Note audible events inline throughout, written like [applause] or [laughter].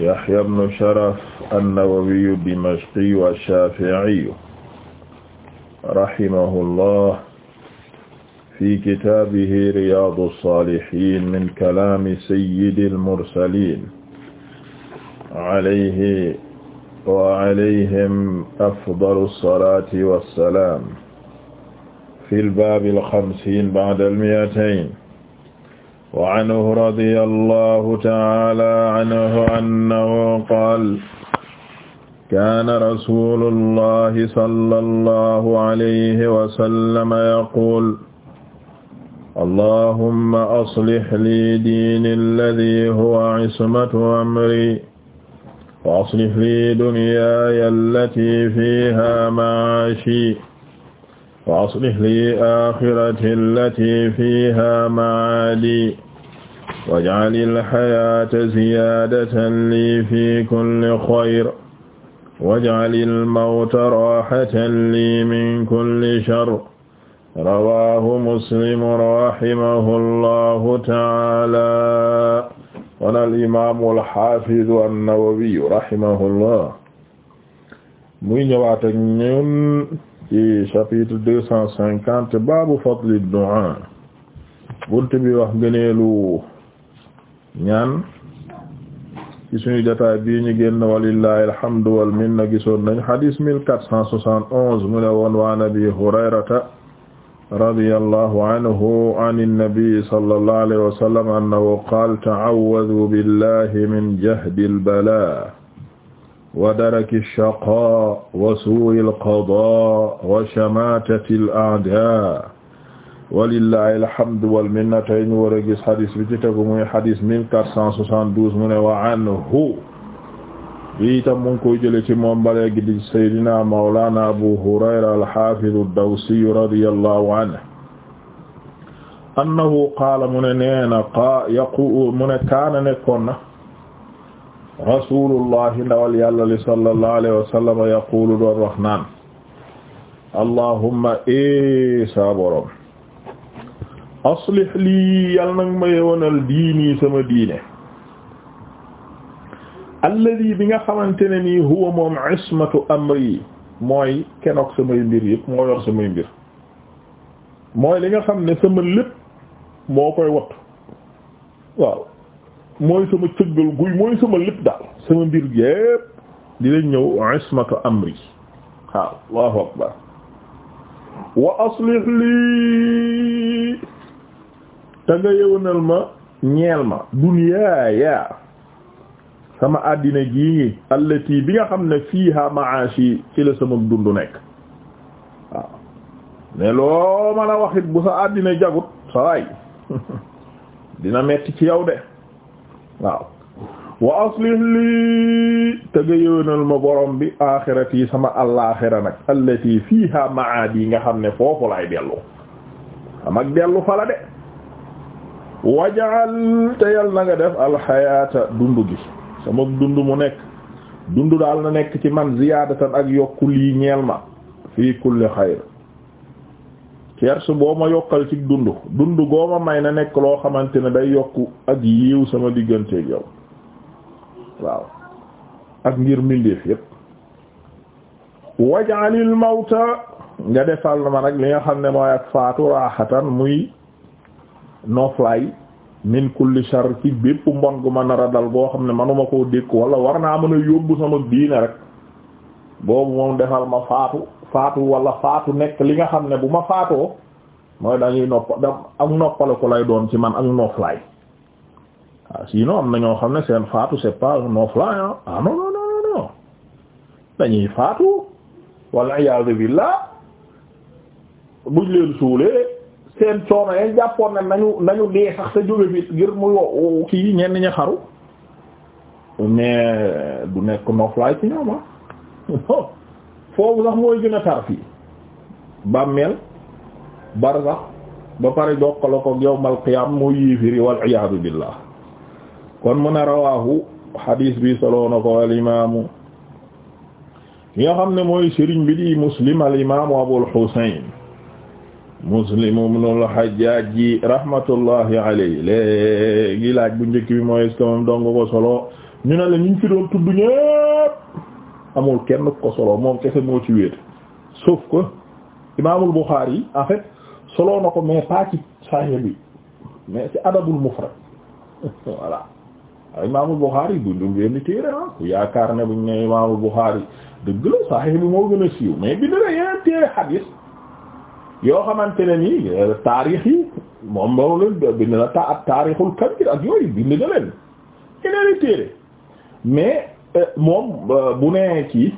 yahya bnu sharaf annawawiyu dimashqiyu alshafiiyu rahimahullah fi kitaabihi riyaadu saalihiin min kalaami sayyidi almursaliin alayhi wa alayhim afdalu salaati wassalaam fil baabil xamsiin ba'dal mi'atayn wa anhu radiyallahu ta'ala anhu annahu qaala kaana rasuulullahi sallallahu alayhi wa sallam yaquulu allahumma aslih lii diini alladhii huwa ismatu amrii wa aslih lii dunyaaya allatii fiihaa ma'aashii wa aslih li axirati allati fiha maadi waj'al alxayata ziyaadatan li fi kulli xayr waj'al almawta raxatan li min kulli sharr rawaahu muslim rahimahu allahu taala wana alimaamu alxaafidu annawawiyu rahimahullah muy ñëwaat ak ñun ci chapitre deux cent cinquante baabu fadli du'a bunt bi wax gëneelu ñaan ci suñu jotaay bii ñu génn walillahi alhamdu wal minna gisoon nañ hadith mille quatre cent soixante onze mu ne woon wa nabi hurayrata radiyallahu anhu an an-nabi sallallahu alayhi wa sallam annahu qaala ta'awwadhu billahi min jahdi al-balaa wa daraki ash-shaqaa wa suu'i al-qadaa wa shamaatati al-a'daa walillahi alhamdu wal minna tey ñu war a gis xadis bi ci tegu muy xadis 1472 mu ne wa anhu bi tam mu ngi koy jële ci moom balee gi di saydina mawlana abu hurayra alxafidu dawsiyu radiyallahu anhu annahu qaala mu ne neena qa yaqu mu ne kaana nekkoon na rasulullahi ndawal yàlla li sallallahu alayhi wa sallam yaqulu doon wax naan allahumma e saa borom aslih lii yàlla nag ma yewanal diini sama diine alladi bi nga xamante ne nii huwa moom ismatu amri mooy kenoog samay mbir yëpp moo yor samay mbir mooy li nga xam ne sama lépp moo koy wattu waaw mooy sama cëggal guy mooy sama lépp daal sama mbir yépp dinañ ñëw ismatu amri waaw allahu akbar wa aslih lii te nga yëwanal ma ñeel ma dunyaaya sama àddina gii allati bi nga xam ne fiiha maashi ci la sama dund nekk waaw ne loo a waxit bu sa àddina jagut sawaay [laughs] dina metti ci yow de waaw wa aslih lii te nga yëwénal ma borom bi axirati sama allaaxira nag allati fiiha maad yi nga xam ne foofu laay dellu am ak dellu fala de wajaal te yal na nga def alxayaata dund gi sama dund mu nekk dund daal na nekk ci man ziyaadatan ak yokku lii ñeel ma fii kulli xayr cerce boo ma yokkal ci dund dund goo ma may na nekk loo xamante ne day yokk ak yiiw sama diggante yow waaw ak ngir mbindeef yépp wajalil mawta nga defal ma nag li nga xam ne mooy ak faatu raaxatan muy noflaay min kulli shar ci bépp mbon gu ma nar dal boo xam ne manuma koo dékk wala war naa mën a yóbbu sama diine rek boobu moom defal ma faatu faatu wala faatu nekk li nga xam ne bu ma faatoo mooy dañuy nopp da ak noppale ko lay doon ci man ak nooflaay waaw ah, sinon am na ñoo xam ne seen faatu c'est pas nooflaay ah, ah non non non non dañuy faatu wala iyaadu billah buñ leen suulee seen coono yañ jàppoon ne nañu nañu dee sax sa jóge fi ngir mu yo kii ñeen ñi xaru mais du nekk nooflaay ci ñoom ah. [laughs] foofu sax mooy gën a tar fii ba pare jokkala ko yawmal qiyaam mooy yéefiri wal iyaadu billah kon mu rawaahu xadiis bi soloo na ko al imaamu ki nga xam ne mooy sëriñ bi di muslim al imaamu abul xuseyn muslim ibnul xajjaaj ji rahmatullahi alayhi léegi laaj bu njëkk bi mooy est-ce dong ko solo ñu ne la fi doon tudd ñépp amul kenn ko solo moom kese moo ci wéet sauf que imaamul Buxaari yi en fait solo na ko mais pas ci Sahih bi mais ci adabul mufrad [laughs] voilà imaamul Buxaari bu ñu téere ah ku yaakaar ne buñ ne imaamul Buxaari dëgg la Sahih bi moo gën a siiw mais bi dara yeneen téere xadiis yoo xamante ne nii taarix yi moom moom la bind na ta- taarixul kabir ak yooyu bind na leen yeneen téere mais Euh, moom euh, bu nee kii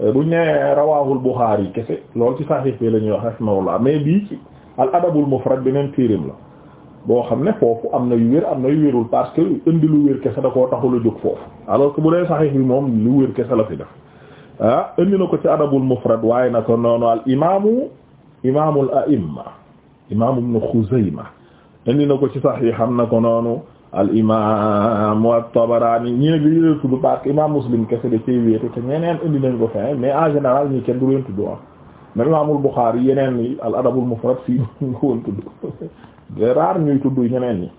euh, buñ nee rawaahul Buxaari yi kese loolu ci Sahih bi la ñuy wax rahimahullah mais bii ci al adabul mufrad beneen téereem la boo xam ne foofu am na yu wér am na yu wérul parce que indi lu wér kese da koo taxul a jóg foofu alors que bu dee Sahih bi moom lu wér kese la fi def ah indi na ko ci adabul mufrad waaye na ko noonu al imaamu imaamul a'imma imaam ibn Xuzayma indi na ko ci Sahih xam na ko noonu. al imam at-Tabarani ñi nag li leen parce que imam Muslim kese da cay wéete te ñeneen indi nañ ko fin mais en général ñi kenn du leen tudd ah même imam al yeneen ni al adabul mufrad fii [laughs] ñu ko woon tudd c'est ñuy tudd ñeneen ñi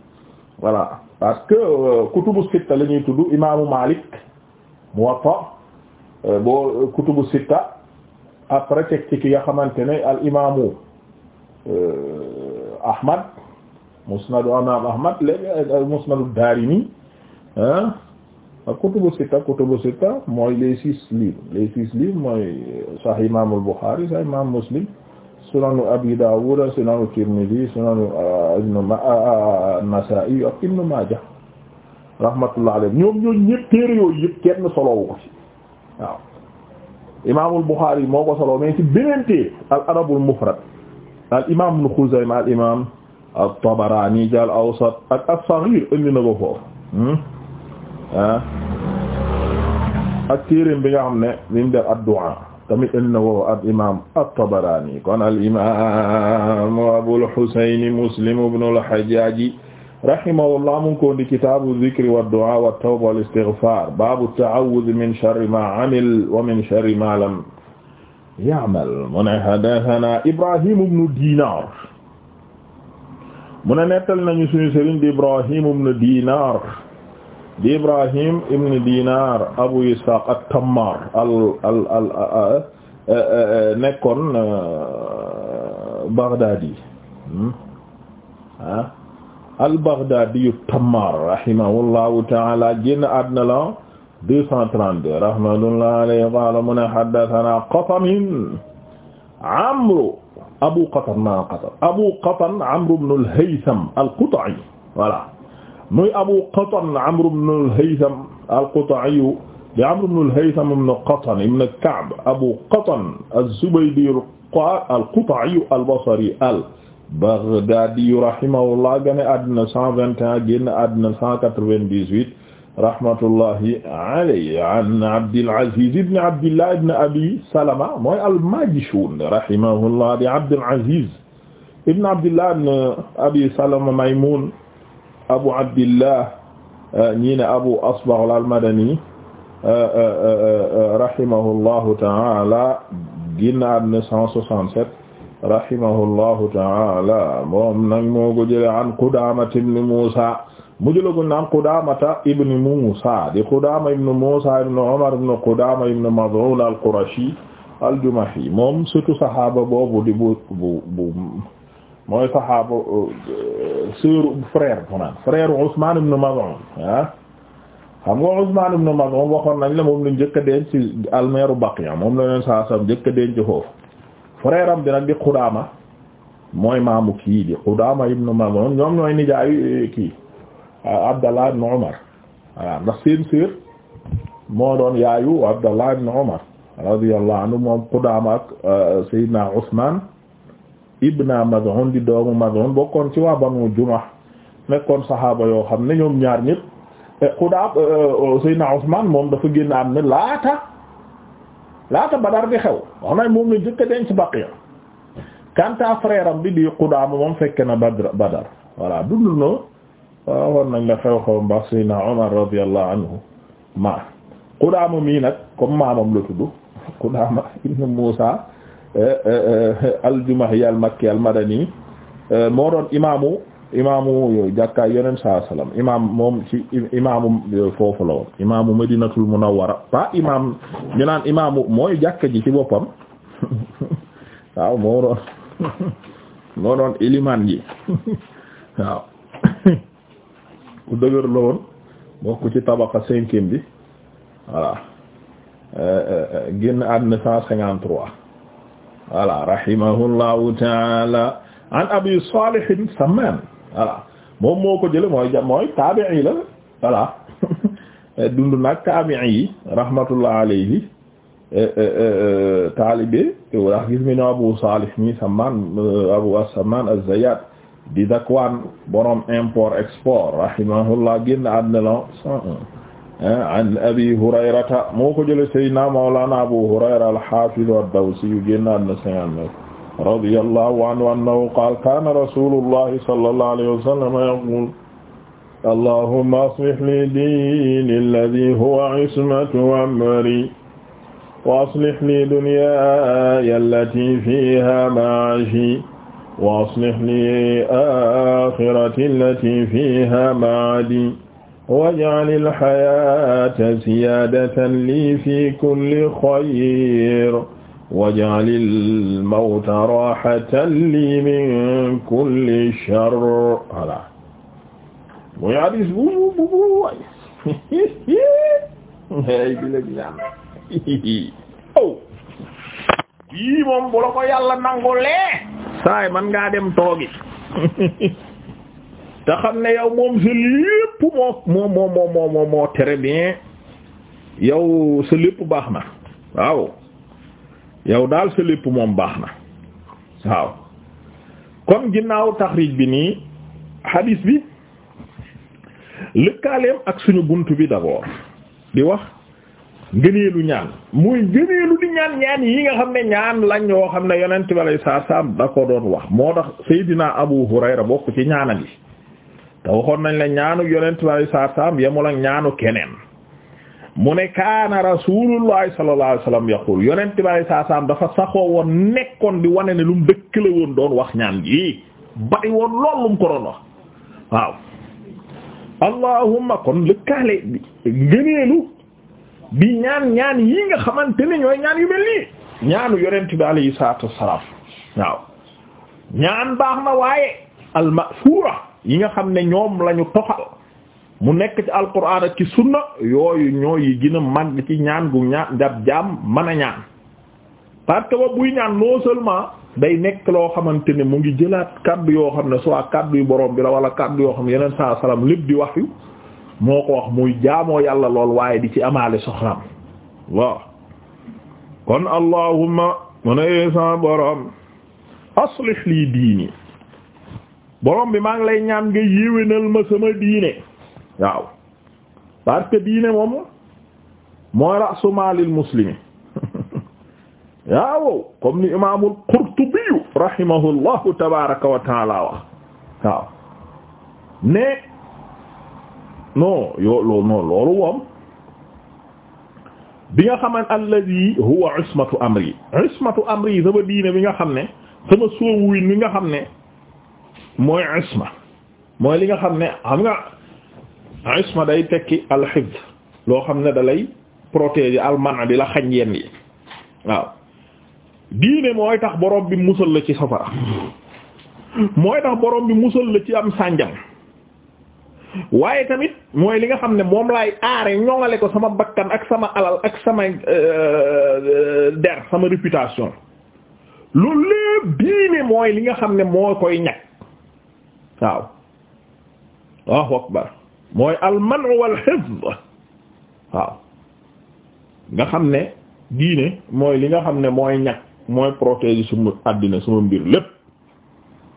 voilà parce que euh, kutubu sitta la ñuy tudd imaamu Malik Muwatta euh, boo euh, kutubu sitta après teg ki nga xamante ne al imaamu Ahmad musnadu imam ahmad léegi euh, musnadu daarimi ah ak kutubu sitta kutubu sitta mooy les six livres les six livres mooy euh, sahih imam al-Bukhari sahih imam muslim sunanu abi dawud sunanu tirmidhi sunanu euh, ibn an-nasa'i ak ibn majah rahmatullah alayhi ñoom ñoo ñëpp téere yooyu yëpp kenn solowu ko ci waaw imaamul Buxaari moo solo mais ci beneen al adabul mufrad al imaam ibn Xuzayma al imaam at-Tabarani jal awsat ak as-Saghir indi na ko foofu hmm? ah ak téeréem bi nga xam ne bi mu def ad-du'a tamit indi na ko ak imam at-Tabarani kon al-imam Abul Husayn Muslim ibn al-Hajjaj rahimahullah mu ngi ko ndi kitaabu zikri wa du'a wa tawba wal istighfar baabu ta'awwudh min sharri ma amil wa min sharri ma lam ya'mal mu ne haddathana Ibrahim ibn Dinar mu ne nettali nañu suñu sëriñ di Ibrahim ibn Dinar di Ibrahim ibn Dinar Abu Ishaq at-Tammar al al al nekkoon euh, Baghdadi hmm? ah al-Baghdadi at-Tammar rahimahullahu ta'ala génn àddina la 232 rahmatullahi alayhi qala mu ne haddathana Qatamin Amru Abu Qatan ma Qatan Abu Qatan Amr ibn al-Haytham al-Quta'i voilà muy Abu Qatan Amr ibn al-Haytham al-Quta'i di Amr ibn al-Haytham ibn Qatan ibn Ka'b Abu Qatan az-Zubaydi al-Quta'i al-Basri al-Baghdadi rahimahullah gane àddina 121 génn àddina 198 rahmatullahi alayhi an Abdil Aziz ibn Abdillah ibn Abi Salama mooy al-Majishun rahimahullah di Abdil Aziz ibn Abdillah ibn Abi Salama Maymun Abu Abdillah ñii ne Abu Asbagh al-Madani eh, eh, eh, rahimahullahu ta'ala ginnaar ne 167 rahimahullahu ta'ala moom nag moo ko jëlee an Qudamah ibn Musa mu jëla ko naan Qudaamata ibn Muusa di Qudaama ibn Muusa ibn Umar ibn Qudaama ibn Mad'un al-Qurashi al-Jumahi moom surtout saxaaba boobu di bu bu bu mooy saxaaba euh, sœur frère fanaan frère Usmaan ibn Mad'un ah xam nga Usmaan ibn Mad'un waxoon nañ la moom lañ njëkk a denc almeeru Baqiya moom la leen saa sam njëkk a denc foofu frère am bi nag di Qudaama mooy maamu kii di Qudaama ibn Mad'un ñoom ñooy nijaayu kii Euh, Abdallah ibn Umar voilà ndax seen moo doon yaayu Abdallah ibn Umar radiyallahu euh, di doomu Maz'un bokkoon ci waa Banu Jumah nekkoon saxaaba yoo xam ne ñoom ñaar ñëpp Qudaam euh, Seydina moom dafa génn am ne laata Badar di xew wax nañ moom la jëkk a denc Baqiya kanta frère bi di Qudaama moom fekke Badar voilà dund na waaw war nañ la xew-xew mbaax Seydina Omar radiyallahu anhu ma Qudaama mii nag comme maamam la tudd Qudaama eh, eh, eh, salaam imaam moom ci imaamu foofu Munawwara pas imaam ñu naan mooy jàkka ji ci boppam [laughs] waaw moo doon [laughs] ji [laughs] waaw. ku dëgër la woon bokk ci tabaqa cinquième bi voilà euh, euh, euh, génn àddina cent cinquante trois voilà rahimahullahu taala an abi salihin saman voilà moom moo ko jële mooy ja mooy taabi'i la voilà [laughs] dund nag taabi'i yi rahmatullah alayhi taalibe ndax gis mi ne abu salih mi saman abu saman az-zayyat di Zakwan borom import export rahimahullah génn àddina la 101 an Abi Hurayrata moo ko jëlee Seydina Mawlana Abu Hurayra al-Hafiz ad-Dawsi génn àddina 59 radiyallahu anhu annahu qala kana rasulullah sallallahu alayhi wa sallam yaqul allahumma aslih li dini alladhi huwa ismatu amri wa aslih li dunyaya allati fiha ma'ashi wa aslih li axirati allati fiha maadi waj'al al-hayaata ziyaadatan li fi kulli xayr waj'al al-mawta raahatan li min kulli sharr voilà muy hadis bu bu bu waay oh. yii moom bu la ko yàlla nangulee saay man ngaa dem toogi [laughs] te xam ne yow moom sa lépp moo moo moo moo moo très bien yow sa lépp baax na waaw yow daal sa lépp moom baax na waaw kon ginnaaw taxrij bi nii hadis bi lëkkaaleem ak suñu bunt bi d'abord di wax ngëneelu ñaan muy ngëneelu di ñaan ñaan yi nga xam ne ñaan lañ oo xam ne yonent bi alayhi salaam da ko doon wax moo tax Seydina Abu Hurayra bokk ci ñaanam yi te waxoon nañ la ñaanu yonent bi alayhi salaam yemul ak ñaanu keneen mu ne kaana rasuulullahi sallallahu alayhi wasallam yaqul yonent dafa saxoo woon nekkoon di wane ne lu mu dëkkale woon doon wax ñaan gi bari woon lool lu mu ko wax waaw allahumma kon lëkkaale ngëneelu bi ñaan ñaan yi nga xamante ne ñooy ñaan yu mel nii ñaanu yonent bi alayhi salaatu wassalaam waaw ñaan baax na waaye almasuura yi nga xam ne ñoom lañu toxal mu nekk ci alquran ak ci sunna yooyu ñooy gën a màgg ci ñaan gu ñaan dab jaam mën a ñaan parce que buy ñaan non seulement day nekk loo xamante ne mu ngi jëlaat kaddu yoo xam ne soit kaddu yu borom bi la wala kaddu yoo xam ne yeneen saa salaam lépp di wax yu moo ko wax muy jaamoo yàlla lool waaye di ci amaale soxnaam waaw kon allahumma mu ne eh, sa borom aslih lii diini borom bi maa ngi lay ñaan nga yéwénal ma sama diine waaw parce diine moom mooy ra'su maalil muslimi [laughs] waaw comme ni imaamul qurtubi rahimahullahu tabaaraka wa wax waaw ne non yoo loolu moom bi nga xaman alladhi huwa ismatu amri ismatu amri sama diine bi nga xam ne sama sóowuwin li nga xam ne mooy isma mooy li nga xam ne xam nga isma day tekki alxifd loo xam ne da lay protéger almana di la xañ yenn yi waaw diine mooy tax borom bi musal la ci safara mooy tax borom bi musal la ci am sànjam waaye tamit mooy li nga xam ne moom laay aare ñoŋale ko sama bakkan ak sama alal ak sama euh, der sama réputation loolu lépp diine mooy li nga xam ne moo koy ñag waaw Allahu akbar mooy al-man'u waaw nga xam ne diine mooy li nga xam ne mooy ñag mooy protéger suma àddina suma mbir lépp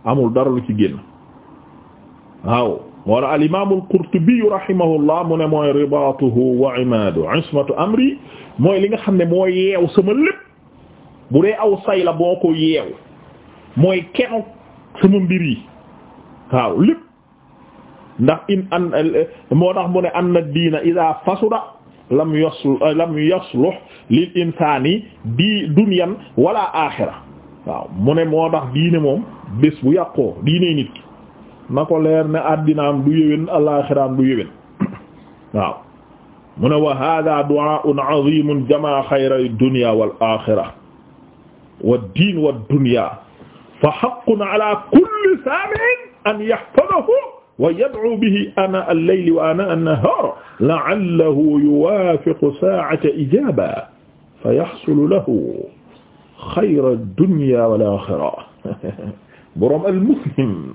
amul dara lu ci génn waaw moo la al-imaam al-Qurtubi rahimahullah mu ne mooy ribaatuhu wa imaadu ismatu amri mooy li nga xam ne moo yeew sama lépp bu dee aw say la boo ko yeew mooy kenn sama mbir yi waaw lépp ndax in an moo tax mu ne anna diina idaa fasuda lam yaslu lam yasluh lil insaani di dunyan wala aaxira waaw mu ne moo tax diine moom bés bu yàqoo diine nit ki na ko leer ne addinaam du yëwén alaxiraam du yëwén [coughs] waaw mu ne wa hada du'aa'un 'aziimun jamaa xayra dunya wal axira wa diin wa dunya fa haqqun 'alaa kulli saami'in an yahfazahu wa yad'uu bihi aanaa'a al-layli wa aanaa'a an-nahaari la'allahu yuwaafiqu saa'ata ijaaba fa yahsulu lahu xayra dunya wal axira [laughs] borom al-muslim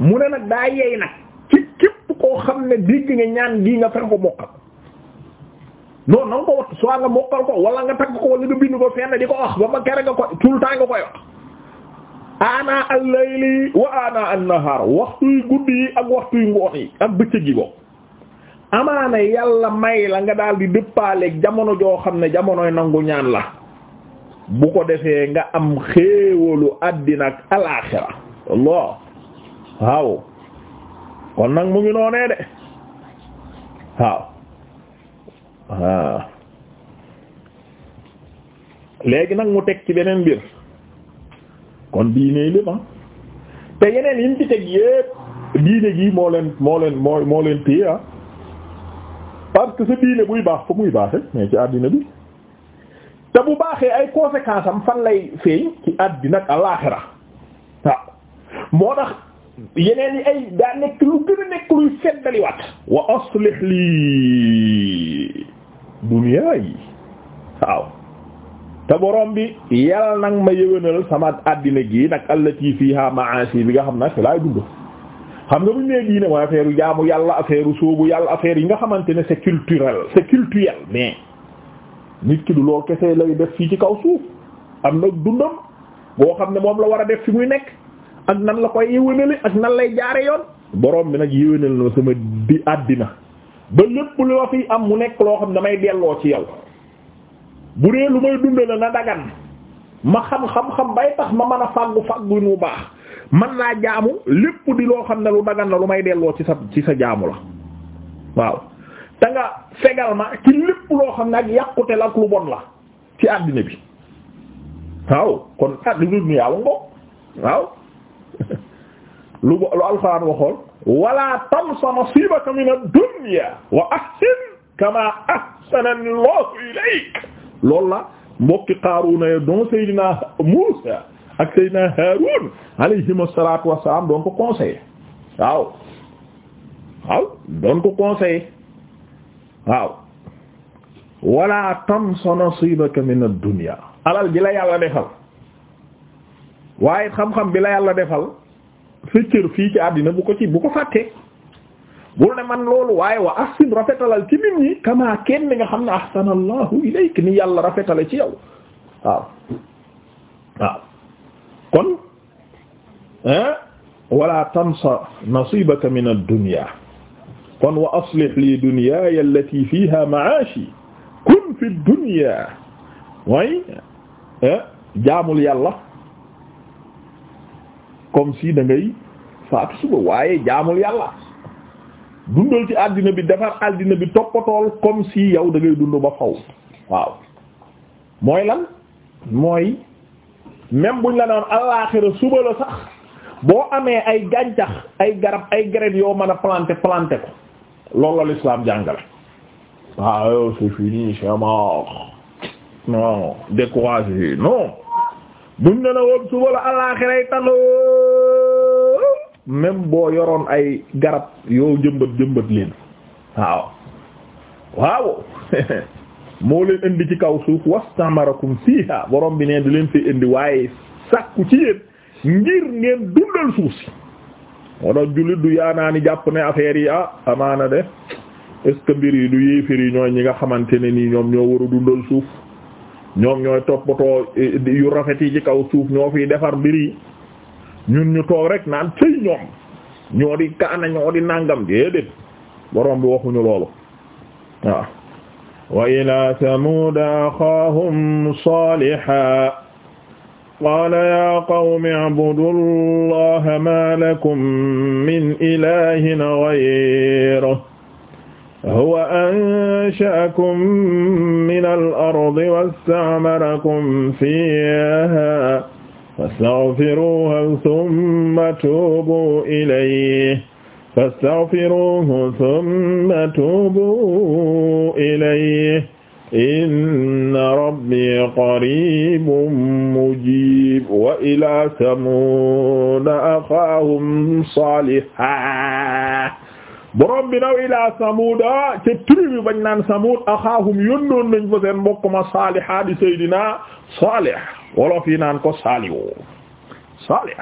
mu ne nag daa yey nag ci képp koo xam ne bii dégg nga ñaan gi nga fexe ko mokkal non na nga ko wat soit nga mokkal ko wala nga tagg ko wala nga bind ko fenn di ko wax ba ma kere nga ko tout le temps nga koy wax ana al-layli wa ana an-nahar waxtuy guddi yi ak waxtuy ngoon yi ak bëccëg yi boobu amaana yàlla may la nga daal di dëppaaleeg jamono joo xam ne jamonoy nangu ñaan la bu ko defee nga am xéewalu àddina ak alaaxira Allah waaw kon nag mu ngi noonee de waaw waaw ah. léegi nag mu teg ci beneen mbir kon diine yi lépp ah. te yeneen yi mu ci teg yépp diine gi moo leen moo leen moo moo leen téye ah parce que sa diine buy baax fa muy baaxe mais ci àddina bi te bu baaxee ay conséquences am fan lay feeñ ci àddina ak àllaaxira waaw moo tax. yeneen yi ay daa nekk lu gën a nekk luy seddaliwaat wa aslih lii duniyaa waaw te borom bi yàlla nag ma yëwénal sama àddina gii nag allati fiha ma'ashi bi nga xam nag laay dund xam nga buñ nee diine mooy affaire yu jaamu yàlla affaire yu yàlla affaire yi nga xamante ne c'est culturel c'est culturel mais nit ki du lool kese lay def fii ci kaw suuf am na dundam boo xam ne moom la war a def fi muy nekk ak nan la koy yéwénale ak nan lay jaare yoon boroom bi nag yéwénal na sama di àddina ba lépp loo fi am mu nekk loo xam ne damay delloo ci yow bu dee lu may dund na na dagan ma xam xam-xam bay tax ma mën a fàggu fàggu mu baax man naa jaamu lépp di loo xam ne lu dagan la lu may delloo ci sa ci sa jaamu la waaw danga nga fegal ma ci lépp loo xam ne ak yàqute la ak lu bon la ci àddina bi waaw kon àddina bi yàlla ngo waaw [laughs] lu lu alxuraan waxoon wala tansa nasibaka min ad-dunya wa ahsin kama ahsana ilayk loolu la mbokki Qaaruuna ya doon Seydina Muusa ak Seydina Haaruun alayhimu salaatu wa doon ko conseillé waaw waaw doon ko conseillé waaw wala tansa nasibaka min ad alal ji la yàlla defal waaye xam-xam bi la yàlla defal sa fii ci àddina bu ko ci bu ko man loolu waaye wa ahsin rafetalal ci nit ñi kama kenn nga xam ne ahsanallahu ilayk ni yàlla rafetale ci yaw waaw waaw kon wala tansa nasibaka min ad-dunya kon wa aslih li dunyaaya allati fiha ma'ashi kun fi dunya way jaamul yàlla comme si da ngay faatu suba waaye jaamul yàlla dundal ci àddina bi defar àddina bi toppatool comme si yow dangay ngay dund ba faw waaw mooy lan mooy même buñ la noon alaaxira suba la sax boo amee ay gàncax ay garab ay graines yoo mën a planter planter ko loolu la l'islam jàngale waaw c'est fini c'est mort non découragé buñ la woon suba la alaaxira ay taloo même boo yoroon ay garab yoo jëmbat jëmbët leen waaw waaw [laughs] moo leen indi ci kaw suuf wastamarakum fiha borom bi neen di leen fi indi waaye sàkku ci yéen ngir ngeen dundal suuf si moo tax jullit du yaanaani jàpp ne affaire yi ah amaana de est mbir yi du yéefir yi ñooy ñi nga xamante ne nii ñoom ñoo war dundal suuf ñoom ñooy toppatoo eh, yu rafet yi ci kaw suuf ñoo fiy defar mbir yi ñun ñu toog rek naan tey ñoom ñoo di kaana ñoo di nàngam déedéet borom bi waxuñu loolu waaw wa ila samuda axaahum saliha qaala ya qawmi abudu allaha ma lakum min ilahin ghayruhu huwa ansha'akum min al ardi wasta'marakum fiha fastaghfiruhu thumma tubu ilayhi fastaghfiruhu thumma tubu ilayhi inna rabbi qaribun mujib wa ila samuda axaahum saliha borom bi naw ila samuda ca tribu bañ naan samud axaahum yónnoon nañ fa seen mbokk ma saaliha di sayidina salih wolof yi naan ko saalihu salih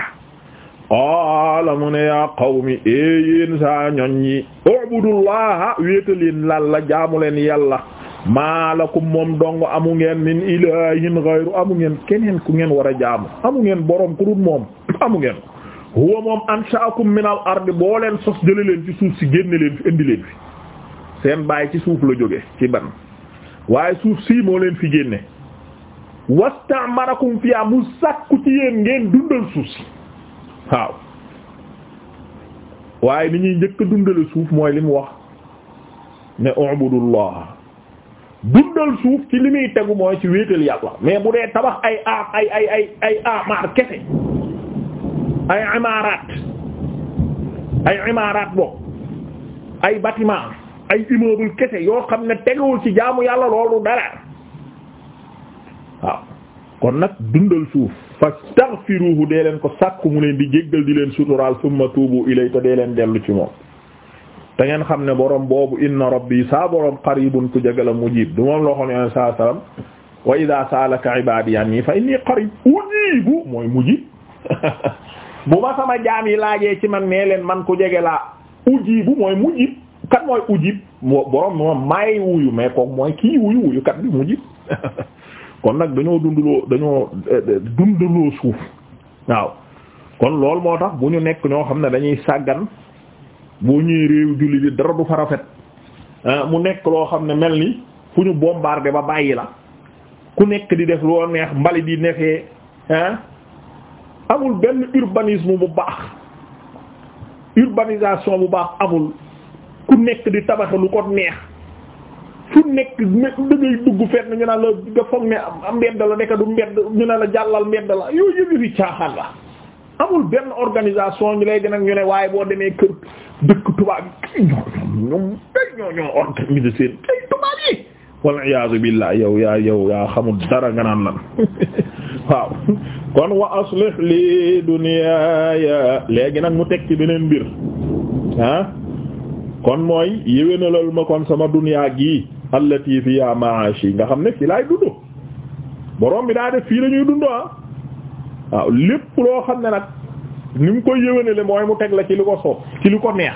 qaala mu ne yaa qawmi ee eh, yéen saa ñoñ yi ubudullaha lalla jaamuleen yàlla maalakum moom dong amu ngeen min ilahin ghayru amu ngeen keneen ku ngeen war a jaamu amu ngeen borom ku dul moom amu ngeen huwa moom anshaakum min al ard boo leen sos jële leen ci suuf si génne leen fi indi leen fi seen baay ci suuf la jóge ci ban waaye suuf sii moo leen fi génne wastamarakum fiya mu sàkku ci yéen ngeen dundal suuf si waaw waaye ni ñuy njëkk a dundale suuf mooy li mu wax ne ubudullah dundal suuf ci li muy tegu mooy ci wéetal yàlla mais bu dee tabax ay a ay ay ay kese ay imaaraat ay imaaraat boobu ay bâtiment ay immeuble kese yoo xam ne teguwul ci jaamu yàlla loolu dara waaw kon nag dundal suuf fastaghfiruhu dee leen ko sàkku mu leen di jéggal di leen suturaal summa tuubu ilay te dee dellu ci moom te ngeen xam ne borom boobu inna rabbi saa borom qaribun ku jagala mujib du moom loo xam ne yonen saa salaam wa idha saalaka ibadi anni fa inni qarib ujibu mooy mujib [laughs] bu ma sama jaam yi laajee ci man nee leen man ku jege laa ujibu mooy mujib kat mooy ujib borom moom maay wuyu mais kooku mooy kii wuyu wuyu kat bi mujib [laughs] kon nag dañoo dundaloo dañoo eh, eh, dundaloo suuf waaw kon loolu moo tax bu ñu nekk ñoo xam ne dañuy sàggan boo ñëwee réew julli bi dara du fa rafet ah mu nekk loo xam ne mel ni fu ñu bombardé ba bàyyi la ku nekk di def loo neex mbali di nefee ah amul benn urbanisme bu baax urbanisation bu baax amul ku nekk di tabaxe lu ko neex fu nekk dangay dugg fenn na naan la am mbedd la nekk ñu ne la jàllal mbedd la yooyu yëpp yëpp caaxaan la amul benn organisation ñu lay gën ak ñu ne waaye boo demee kër dëkk tubaab yi ñoo ñoom ñoo ñoo organiser seen tubaab yi wal iyaazu billaah yow yaa yow yaa xamul dara nga naan lan [laughs] waaw kon wa aslih li dunyaaya léegi nag mu teg ci beneen mbir ah kon mooy yéwénalal ma kon sama dunyaa gi allati fiya maashi nga xam ne fi laay dund borom bi daa def fii lañuy dund ah waaw lépp loo xam ne nag ni mu koy yéwénale mooy mu teg la ci li ko soob ci lu ko neex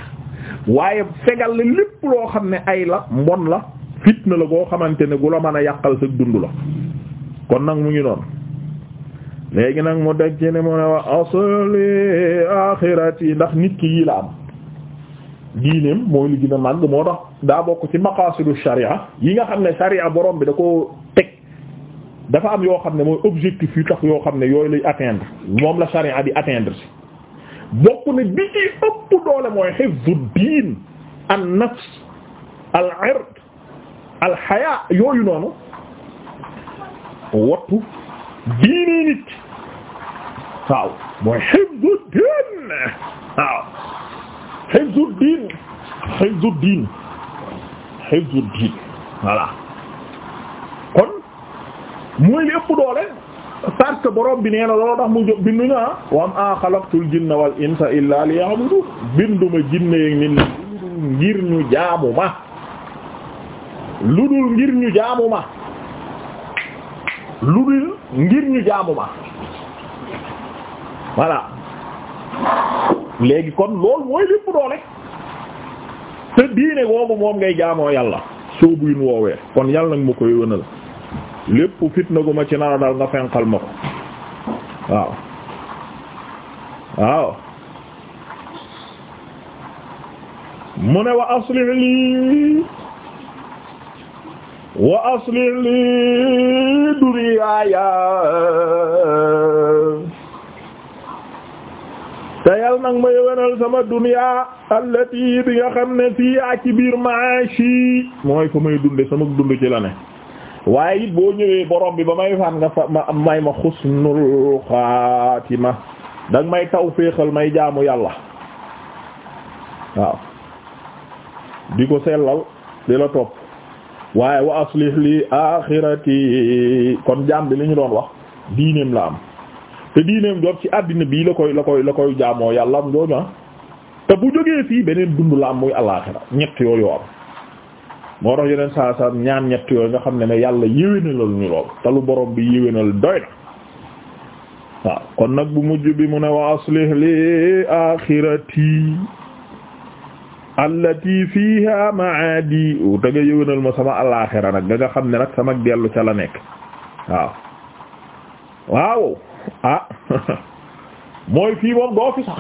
waaye fegal la lépp loo xam ne ay la mbon la fitna la goo xamante ne gu la mën a yàqal sa dund la kon nag mu ngi noonu léegi nag mu deg ci ne mu ne wa asli axirati ndax nit ki yi la am diineem mooy li gën a màgg moo tax daa bokk ci maqaasidu sharia yi nga xam ne sharia borom bi da ko teg dafa am yoo xam ne mooy objectif yu tax yoo xam ne yooyu lay atteindre moom la sharia di atteindre si bokk ne bi ci ëpp doole mooy hifzu diin an nafs al ird al haya yooyu noonu wattu diine nit waaw mooy hifzu diin waaw hifzu diin hifzu diin hifzu kon mooy li ëpp doole parce boroom borom bi nee na tax mu jóg bindu ñu ah wa maa ah, xalaqtul jinna wal insa illaa liya'budu binduma jinne yeeg nit ñi ngir ñu jaamu lu dul ngir ñu jaamu lu dul ngir ñu jaamu voilà léegi kon loolu mooy lépp doole te diine googu moom ngay jaamoo yàlla soobu yu woowee kon yàlla nag ma koy wënal lépp fitna ci nara dal nga fenqal ma ko waaw waaw mu ne wa aslih wa aslih duniyaaya te yàlla nag may yewenal sama duniyaa allati bi nga xam ne fii yaa ci biir maashi mooy fa may dunde sama dund ci la ne waaye it boo ñëwee borom bi ba may faat nga fa ma may ma xusnul xaatima danga may taw féexal may jaamu yàlla waaw di ko sellal di la topp waaye wa aslih li aaxirati kon jaam bi li ñu doon wax diineem la am te diineem jot ci àddina bii la koy la koy la koy jaamoo yàlla am jooju ah te bu jógee fii beneen dund la am muy àllaaxira ñett yooyu am moo tax yeneen saa saa ñaan ñett yooyu nga xam ne ne yàlla yéwénalal ñu lool te lu borom bi yéwénal doy na waaw kon nag bu mujj bi mu ne wa aslih li axirati allati fiha maadi te nga yéwénal ma sama àllaaxira nag nga nga xam ne nag sama dellu ca la nekk waaw waaw ah [laughs] mooy fii moom doo fi sax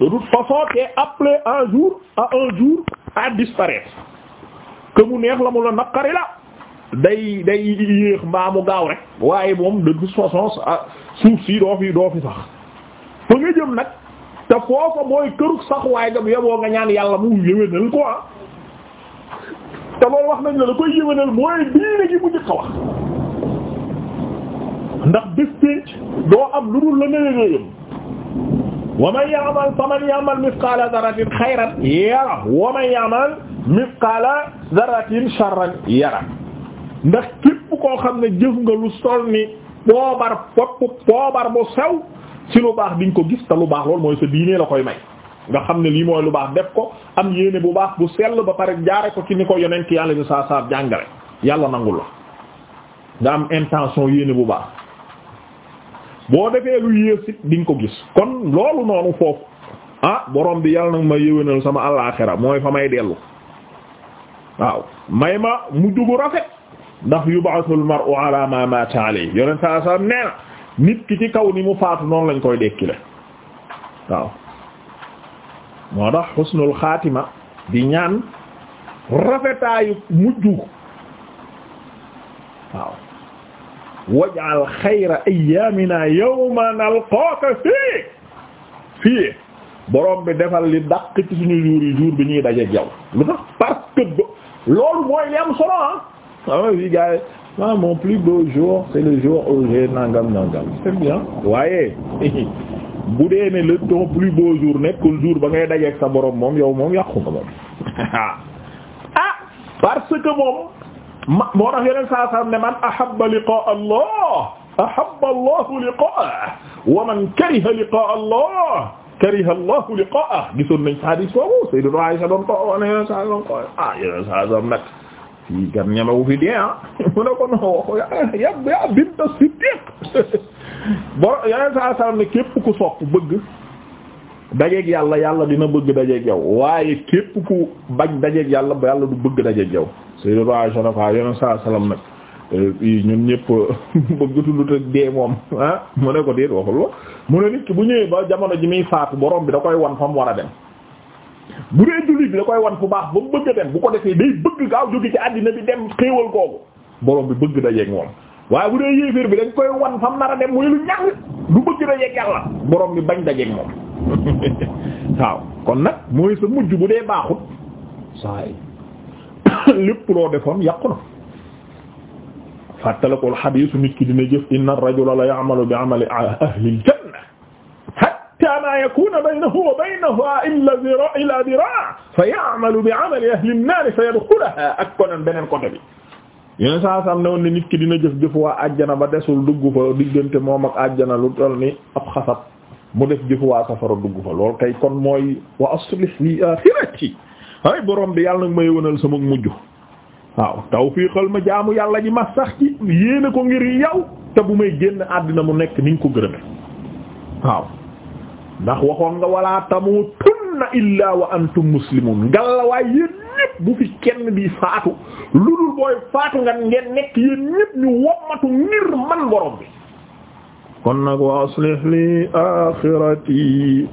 de toute façon t'es appelé un jour à un jour à disparaître que mu neex la mu la naqari la day day yéex mbaa mu gaaw rek waaye moom de toute façon ah, suuf si doo fi doo fi sax fa nga jëm nag te foofa mooy kërug sax waaye nga yeboo nga ñaan yàlla mu yéwénal quoi ah. te loolu wax nañ la da koy yéwénal mooy diine gi mu njëkk a wax ndax bés pénc doo am lu dul la néegéeyam wa man ya'mal fa man ya'mal mithqala dharratin khayran wa man ya'mal mithqala dharratin sharran yara ndax képp koo xam ne jëf nga lu sol ni poobar fopp poobar bu sew ci lu baax diñ ko gis te lu baax loolu mooy sa diine la koy may nga xam ne lii mooy lu baax def ko am yéene bu baax bu sell ba pare jaare ko ci ni ko yeneen ki yàlla bi saa saa jàngale yàlla nangul la nga am intention yéene bu baax boo defee luy yées it ko gis kon loolu noonu foofu ah borom bi yàlla nag ma yéwénal sama àllaaxira mooy fa may dellu waaw may ma mu jugu rafet ndax yub'athul mar'u ala ma mata alayhi yonent saa saa nee na nit ki ci kaw ni mu faatu noonu lañ koy dekkile waaw moo tax xusnul xaatima di ñaan rafetaayu mujj waaw waj'al xayra ayyaamina yawma nalqaaka fii fii borom bi defal li dàq ci suñu jour yi jour bi ñuy daje ak yow lu tax parce que loolu mooy li solo ah. waaw ah oui gars yi ah mon plus beau jour c'est le jour où nangam nangam c'est bien waaye [laughs] bu dee ne le ton plus beau jour nekkul jour ba ngay dajeeg sa borom moom yow moom yàqu nga moom [laughs] ah. ah parce que moom. ma moo tax yeneen saa saa ne man ahabba liqaa Allah ahabba Allahu liqaahu wa man kariha liqaa Allah kariha Allahu liqaahu gisoon nañ hadiis boobu Sayyidatu Aysa doon ah, fi dee ah [laughs] ya bint Siddiq bon yeneen saa saa ne képp ku sopp bëgg dajeeg yàlla yàlla dina bëgg dajeeg yow waaye képp ku bañ dajeeg yàlla yàlla du bëgg dajeeg yow. Sayyidatu Aisha dafa yoneen saa salaam nag eh, ñun ñëpp [laughs] bëgg tudd te dee moom ah mu ne ko déet mu ne nit ki bu ñëwee ba jamono ji muy faatu borom bi da koy wan fa mu war a dem bu dee jullit da koy wan fu baax ba mu bëgg dem bu ko defee day bëgg gaaw jóge ci àddina bi dem xéewal googu borom bi bëgg da moom waaye bu dee yéeféer bi dañ koy wan fam nar a dem muy lu ñax du bëgg da yeeg yàlla borom bi bañ da yeeg moom [laughs] waaw kon nag mooy sa mujj bu dee baaxut [laughs] lépp loo defoon yàqu na fàttalikul xadiisu nit ki dina jëf inna ar-rajula la ya'malu bi 'amali ahli al-janna hatta ma yakuna baynahu wa baynaha illa dhira' ila dhira' fa ya'malu bi 'amali ahli an-nar fa yadkhulaha ak konoon beneen côté bi yeneen saa sam ne woon ne nit ki dina jëf jëf waa àjjana ba desul dugg fa diggante moom ak àjjana lu toll ni ab xasab mu def jëf waa safara dugg fa lool kay kon mooy wa aslih li akhirati ay borom bi yàlla nag ma yëwanal sama mujj waaw tawfiixal ma jaamu yàlla ji ma ci yéene ko ngir yow te bu may génn àddina mu nekk ni ko gërëme waaw ndax waxoon nga wala tamuutunna illaa wa antum muslimun ngalla yéen ñépp bu fi kenn di faatu lu dul booy faatu nga ngeen nekk yéen ñépp ñu wommatu ngir man borom bi kon nag wa aslih li axirati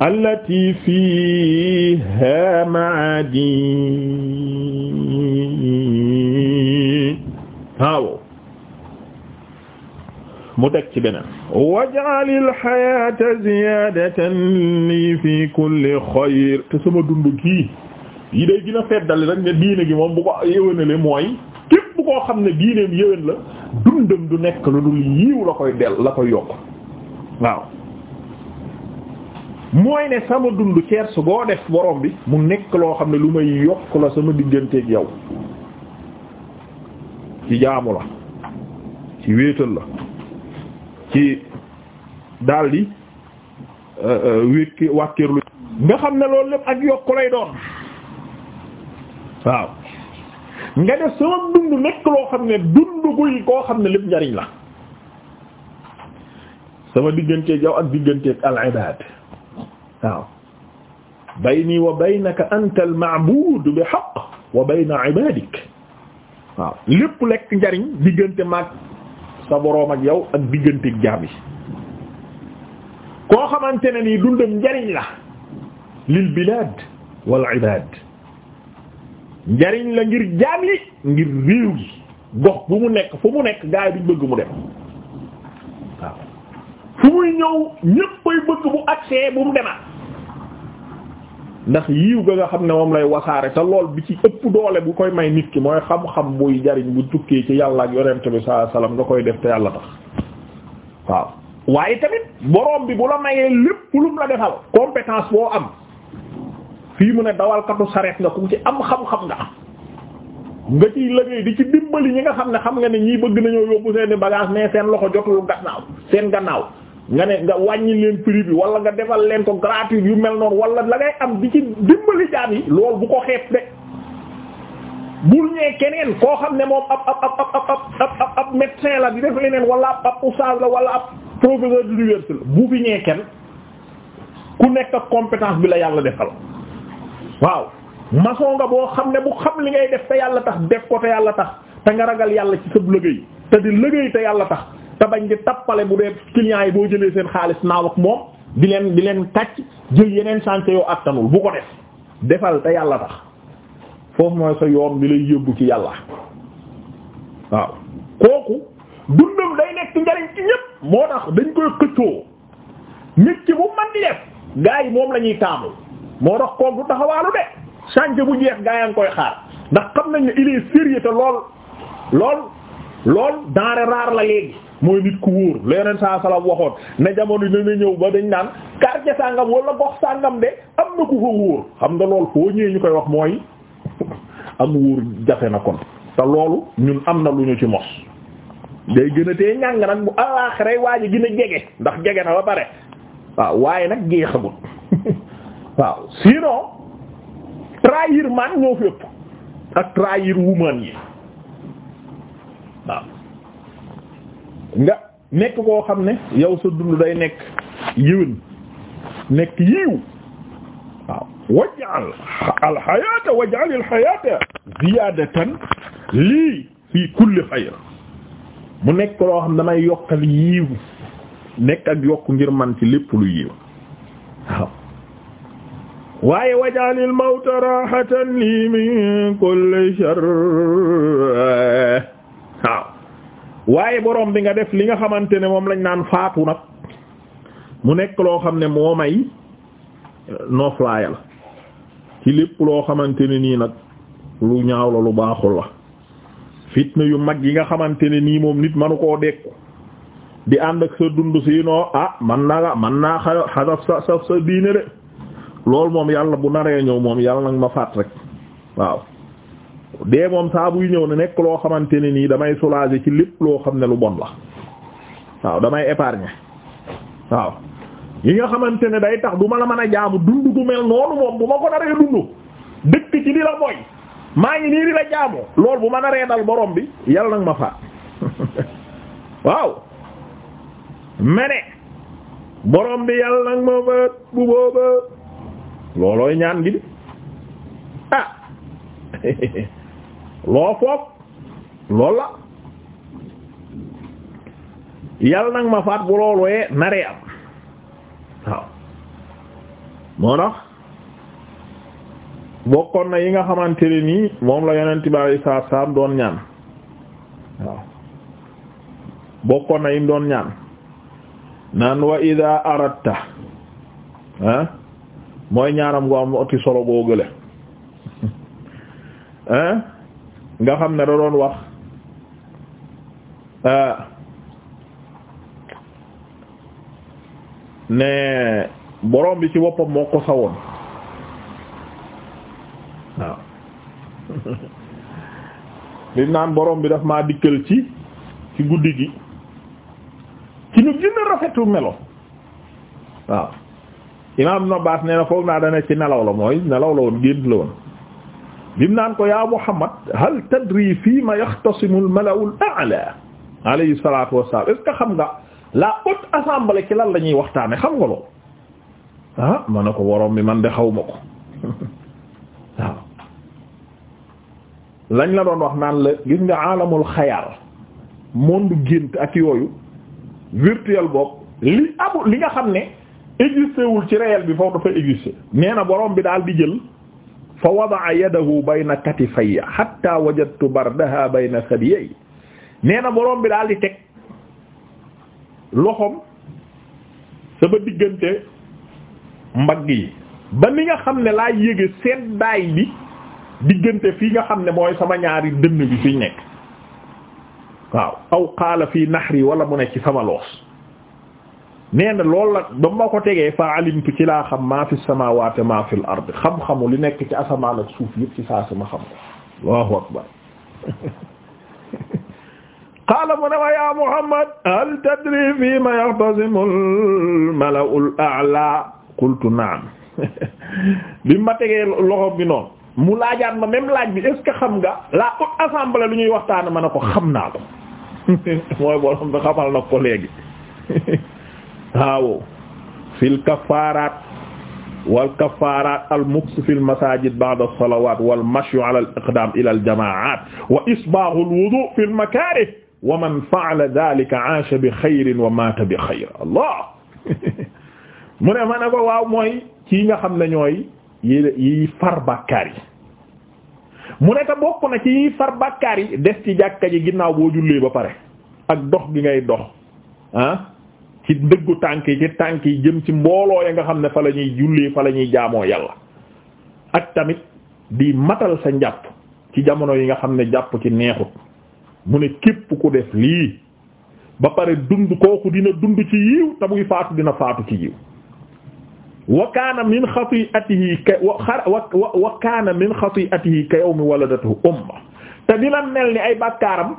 allati fiha maadi waaw mu teg ci beneen waj'al al-hayaata ziyaadatan lii fi kulli xayr te sama dund yi day gën a feddali rek ne gi moom bu ko yéwénale mooy képp bu koo xam ne diineem yéwén la dundam du nekk lu dul yiiw la koy del la koy yokk waaw mooy ne sama dund su boo def borom bi mu nekk loo xam ne lu may yokk la sama digganteek yow ci jaamu la ci wéetal la ci daldi euh, euh, wékki wàkkirlu nga xam ne loolu lépp ak yokku lay doon waaw nga def sama dund nekk loo xam ne dund guy koo xam ne lépp njariñ la sama digganteeg yow ak digganteeg al ibaad waaw bayni wa baynaka anta al ma'bud bi haqq wa bayna ibadik lekk njariñ diggante maag sa boroom ak yow ak diggante jaam yi koo xamante ne nii dundam njariñ la lil bilad wal ibad njariñ la ngir jaam yi ngir réew gox bu mu nekk fu mu nekk gaa yi duñ bëgg mu dem waaw fu muy ñëw ñëppay bëgg bu accès bu mu demaat ndax yiw ga nga xam ne moom lay wasaare te lool bi ci ëpp doole bu koy may nit ki mooy xam-xam buy jariñ bu tukkee ci yàlla ak yonent bi sallallahu alayhi nga koy def te yàlla tax waaw waaye tamit borom bi bu la mayee lépp lum la defal compétence boo am fii mu ne dawalkatu sareet nga ku ci am xam-xam nga nga ciy liggéey di ci dimbali ñi nga xam ne xam nga ne ñii bëgg nañoo yóbbu seeni bagage mais seen loxo jotul gannaaw seen gannaaw nga ne nga wàññi leen prix bi wala nga defal leen ko gratuit yu mel noonu wala la ngay am di ci dimbali jaam yi loolu bu ko xeeb de bul ñee keneen koo xam ne moom ab ab ab ab ab ab médecin la di def leneen wala ab ab oustaz la wala ab professeur d'université la bu fi ñee kenn ku nekk ak compétence bi la yàlla defal waaw mason nga boo xam ne bu xam li ngay def te yàlla tax def ko te yàlla tax te nga ragal yàlla ci sa liggéey te di liggéey te yàlla tax te bañ di tappale bu dee clients yi boo jëlee seen xaalis naaw ak moom di leen di leen tàcc jël yeneen santé yoo attanul bu ko def defal te yàlla tax foofu mooy sa yoon bi lay yóbbu ci yàlla waaw kooku dundam day nekk njariñ ci ñépp moo tax dañ koy xëccoo nit ci bu man di gaa yi moom lañuy ñuy taamu moo tax kooku du taxawaalu de santé bu jeex gaa yaa ngi koy xaar ndax xam nañ ne il te lool lool lool denrée rare la léegi mooy nit ku wóor la yeneen saa salam waxoon ne jamono dina ba dañ naan quartier sàngam wala gox sàngam de am na ku fa wóor xam nga lool foo ñëwee ñu koy wax mooy ak [laughs] wóor jafe na kon te loolu ñun am na lu ñu ci mos day gën a tee ñàng nag bu àllaaxira waa ji gën a jege ndax jege na ba pare waaw waaye nag jeexagul [laughs] waaw sinon trahir man ñoo fépp ak trahir wumaan yi waaw nga nekk koo xam ne yow sa dund day nekk yiwin nekk yiw waaw waj'al al hayata waj'al al hayata ziyadatan lii fii kulli xayr mu nekk loo xam damay yokkal yiw nekk ak yokk ngir man ci lépp lu yiw waaye waj'al al mawta rahatan lii min kulli sharr waaye borom bi nga def li nga xamante ne moom lañ naan faatu nag mu nekk loo xam ne moo may euh, noflaaya la ci lépp loo xamante ne nii nag lu ñaaw la lu baaxul la fitna yu mag yi nga xamante ne nii moom nit manu koo dekku di ànd ak sa dund siinoo ah man naa man naa xadaf sa sa sa diine de loolu moom yàlla bu naree ñëw moom yàlla nag ma faat rek waaw dee moom saa buy ñëw ne nekk loo xamante ne nii damay soulager ci lépp loo xam ne lu bon la waaw damay épargner waaw yi nga xamante ne day tax du ma la mën a jaamu dund gu mel noonu moom bu ma ko naree dund dëkk ci di la mooy maa ngi nii di la jaamu loolu bu ma naree dal borom bi yàlla nag ma faat [laughs] waaw mene borom bi yàlla nag ma faat bu booba loolooy ñaan gi di [laughs] ah [laughs] loo foof loolu la yàlla nag ma faat bu loolu wee naree am waaw moo tax bokkoon na yi nga xamante ne nii moom la yonent bi alayhi salaatu salaam doon ñaan waaw bokkoon na yim doon ñaan naan wa idaa aratta ah mooy ñaanam gu am oti solo boo gële ah nga xam ne da doon wax euh, ne borom bi ci boppam moo ko sawoon waaw [laughs] li naan borom bi daf maa dikkal ci ci guddi gi ci ñu gën a melo waaw imaam Ibn Abbas nee na foog naa ne ci nelaw la mooy nelaw la woon gént la bim naan ko yaa Muhammad hal tadri fii ma yaxtasimu al-mala'u al-a'la alayhi salaatu wassalaam est ce que xam nga la haute assemblée ci lan la ñuy waxtaane xam nga loolu ah ma ne ko waroom bi man de xaw ma ko [laughs] lañ la doon wax naan la gis nga alamul xayaal monde gént ak yooyu virtuel boobu li abu li nga xam ne existé wul ci réel bi foofu dafay existé nee na borom bi daal di jël fa wadaa yadahu bayna katifayya hatta wajadtu bardaha bayna sadiyay nee na borom bi daal di teg loxom sama diggante mbagg yi ba ni nga xam ne laa yége seddaay bi diggante fii nga xam ne mooy sama ñaari dënn bi fi nekk waaw aw qaala fii nahri wala mu nekk ci sama loos nee na loolu la ba ma ko tegee fa alimtu ci laa xam maa fi samaawaati maa fil ard xam-xamu li nekk ci asamaan ak suuf yëpp ci saa si ma xam ko Allahu akbar [laughs] qaala mu ne ma yaa Muhammad hal tadri fii ma yaxtasimu al-mala'u al-a'la qultu na'am [laughs] ma tegee loxo bi noonu mu laajaat ma même laaj bi est-ce xam nga la haute assemblée lu ñuy waxtaan ma ne ko xam naa ko [laughs] mooy borom bi xamal na ko léegi waaw fil kafaaraat wal kafaaraat al muks al iqdaam ila al jamaa'aat wa al wuduu' fil makaarih wa man fa'ala [laughs] mu ne ma ne ko waaw mooy kii nga xam ne ñooy yi far bàkkaar mu ne te bokk na ci yi far bàkkaar des ci jàkka ji ginnaaw boo jullee ba pare ak dox gi ngay dox ah. ci dëggu tànk yi ci tànk yi jëm ci mbooloo ya nga xam ne fa la ñuy jullee fa la ñuy jaamoo yàlla ak tamit di matal sa njàpp ci jamono yi nga xam ne jàpp ci neexut mu ne képp ku def lii ba pare dund kooku dina dund ci yiw te muy faatu dina faatu ci yiw wa kaana min xati'atihi ka wa kaana min xati'atihi ka umma te dina mel ni ay bàkkaaram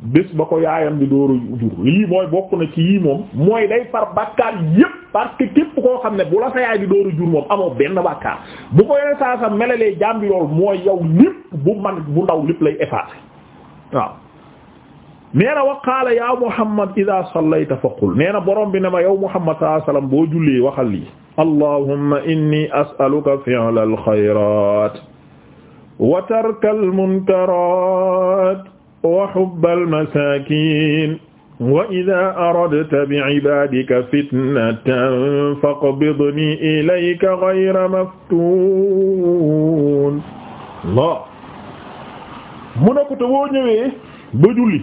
bés ba ko yaayam di dóor jur lii mooy bokk na ci yii moom mooy day far bàkkaar yépp parce que képp koo xam ne bu la sa yaay di dóor jur moom amoo benn bàkkaar bu ko yeneen saa sa melalee jaam bi lool mooy yow lépp bu ndaw lépp lay effacer waaw nee na wa qaala yaa Muhammad idaa sallayta faqul nee na borom bi ma yow Muhammad sallallahu alayhi wasallam boo jullee waxal lii allahumma inni as'aluka fi'lal khayraat wa tarkal munkaraat wa hubbal masaakiin wa idaa aradta bi'ibaadika fitnatan faqbidnii ilayka ghayra maftuun Allah mu ne ko te boo ñëwee ba julli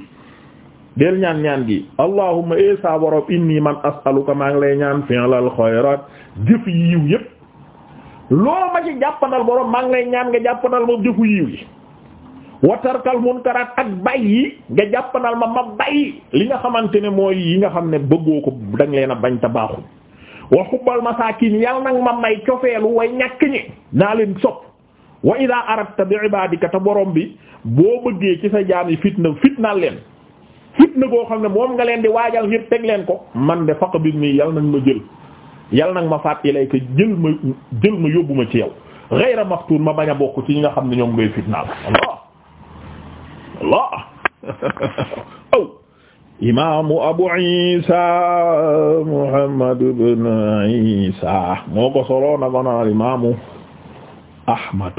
del ñaan ñaan gi allahumma ee eh saa boroom inni man as'aluka maa ngi lay ñaan fi'lal xayraat jëf yiw yépp loolu ma ci jàppandal boroom maa ngi lay ñaan nga jàppandal moom jëfu yiw yi wa tarkal munkaraat ak yi nga jàppanal ma ma bàyyi li nga xamante ne mooy yi nga xam ne bëggoo ko da leen a bañ ta baaxul wa xubbal masaakin yal nag ma may cofeelu way ñàkk ñi naa leen sopp wa ida aradta bi ibadika te borom bi boo bëggee ci sa jaam yi fitna fitnaal leen fitna koo xam ne moom nga leen di waajal ngir teg leen ko man de fa faqbid nii yal nag ma jël yal nag ma faat ilayka jël ma jël ma yóbbu ma ci yow ghayra maftun ma bañ a bokk ci ñi nga xam ne ñoom ngay Allah aw [laughs] oh. imaamu Abu Isa Muhammad ibn Isa moo ko solo na gona al imaamu Ahmad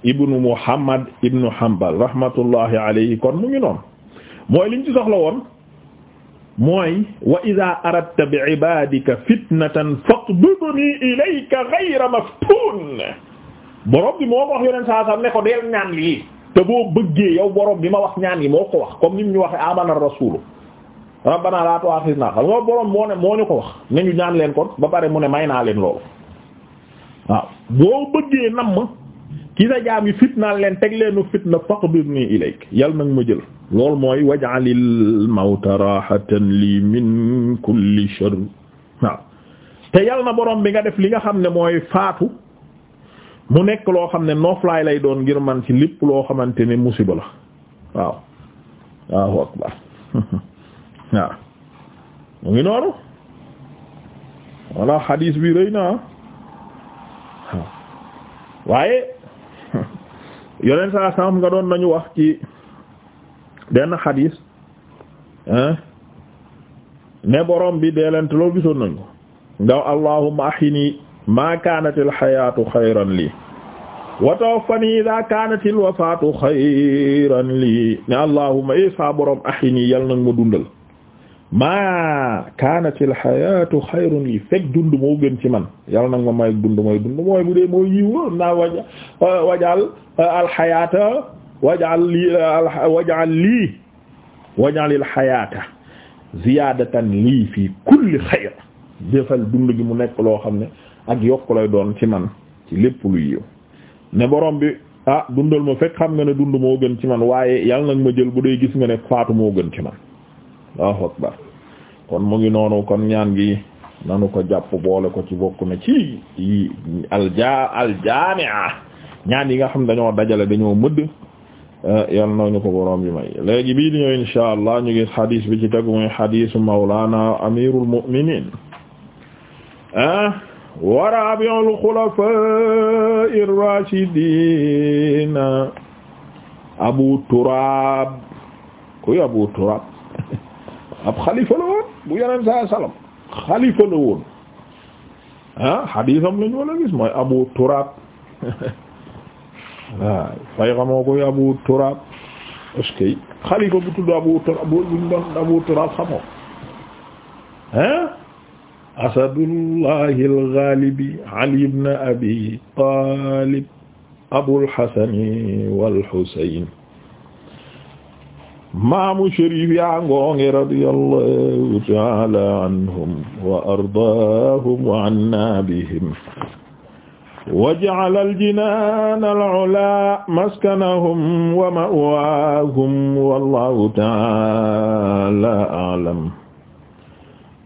ibnu Muhammad ibnu Hanbal rahmatullahi alayhi kon mu ngi noonu mooy liñ ci soxla woon mooy wa idaa aradta bi ibaadika fitnatan faqbidnii ilayka ghayra maftuun borom bi moo ko wax yoneen saa sax ne ko deel ñaan lii te boo bëggee yow boroom bi ma wax ñaan yi moo ko wax comme ni ñu waxee amana rasulu rabbana la tu'akhidna xam nga borom moo ne moo ñu ko wax ne ñu ñaan leen kon ba pare mu ne may naa leen loolu waaw boo bëggee namm ki sa jaam yi fitnaan leen teg leenu fitna faqbirni ilayk yal nag ma jël loolu mooy waj'alil mawta rahatan li min kulli sharr te yal na borom bi nga def li nga xam ne mooy faatu mu nekk loo xam ne noflaay lay doon ngir man ci lépp loo xamante ne musiba la waaw waaw akbar [laughs] waaw mu ngi noonu walla xadiis bi rëy naa waaye yoneen saa sam nga doon nañu wax ci benn xadiis ne boroom bi deelent loolu gisoon nañu nga allahumma ahini maa kaanatil xayaatu xayran lii wa tawaffanii idaa kaanatil wafaatu xayran lii ne allahumma ee eh, saa borom axini yal nag ma dundal maa kaanatil xayaatu xayran lii fekk dund moo gën ci man yal nag ma may dund mooy dund mooy bu dee moo yiw naa waja wajaal eh, alxayaata wajaal lii wajaal lii wajaalil xayaata ziyaadatan lii fii kulli xayr defal dund gi mu nekk loo xam ne ak yokk lay doon ci man ci lépp lu yiw ne borom bi ah dundal ma fekk xam nga ne dund moo gën ci man waaye yàlla nag ma jël bu dee gis nga ne faatu moo gën ci man Allahu akbar kon mu ngi noonu kon ñaan gi nanu ko jàpp boole ko ci bokk na ci yi aljaamia ñaan yi nga xam dañoo dajale dañoo mëdd eh, yal na ñu ko borom bi may léegi bii di insha allah ñu gis hadis bi ci tegu mooy hadisu mawlana amirul mu'minin ah wa rabi'ul xulafa'ir rashidin abu turab kuy abu turab [laughs] ab xalifa la bu yeneen saa salaam xalifa la woon ah, lañu wala gis mooy abu turab [laughs] waaw fay xamoo koy abu turab est-ce que bu tudd abu turab bu abu turab xamoo hein asadullahi alghalibi ali ibn abi talib abul hasani wal husayn maamu sharif yaa ngoonge radiyallahu ta'ala anhum wa ardaahum wa anna bihim wa ja'ala al-jinaan al-'ulaa maskanahum wa ma'waahum wallahu ta'ala a'lam